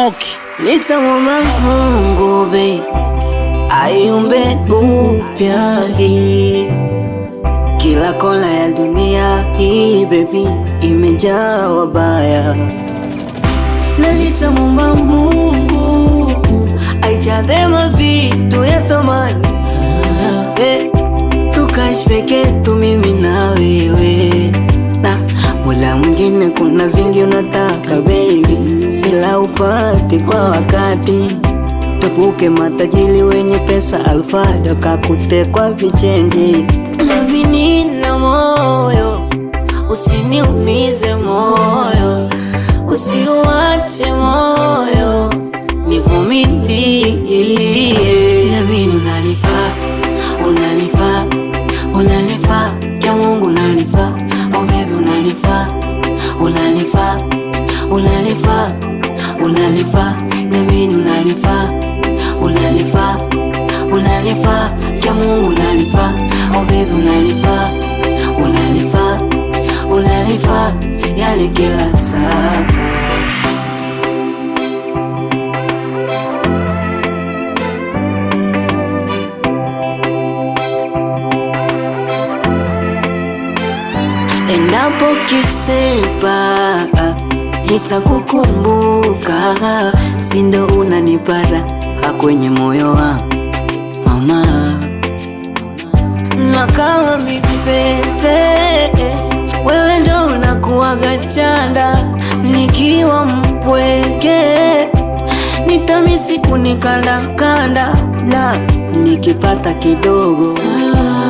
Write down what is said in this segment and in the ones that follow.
Moki mama Mungu be aiumbe upya hii kila kona ya dunia hii baby imejaa wabaya, na mama Mungu aijaze mavitu ya thamani eh, tukaishi peke yetu mimi na wewe, na mula mwingine kuna vingi unataka baby ufati kwa wakati. Tupuke matajili wenye pesa alfada kakute kwa vichenji. Amini na moyo, usiniumize moyo, usiuache moyo, nivumilie. Amini unanifaa, unanifaa, unanifaa, kia Mungu unanifaa, oh baby unanifaa, unanifaa, unanifaa unanifaa, mimi unanifaa, unanifaa, unanifaa, ya Mungu unanifaa, oh baby unanifaa, unanifaa, unanifaa, yani kila saa Endapo kisepa kisa kukumbuka, sindo ndo ha hakwenye moyo wa mama, na kama mipete wewe ndo unakuwaga chanda, nikiwa mpweke nitamisi kunikandakanda, la nikipata kidogo Sa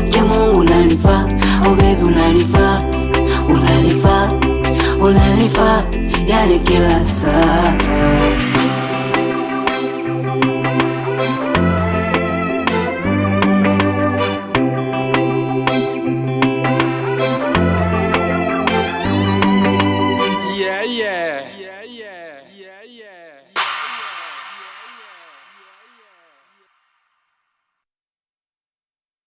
Yang kila saat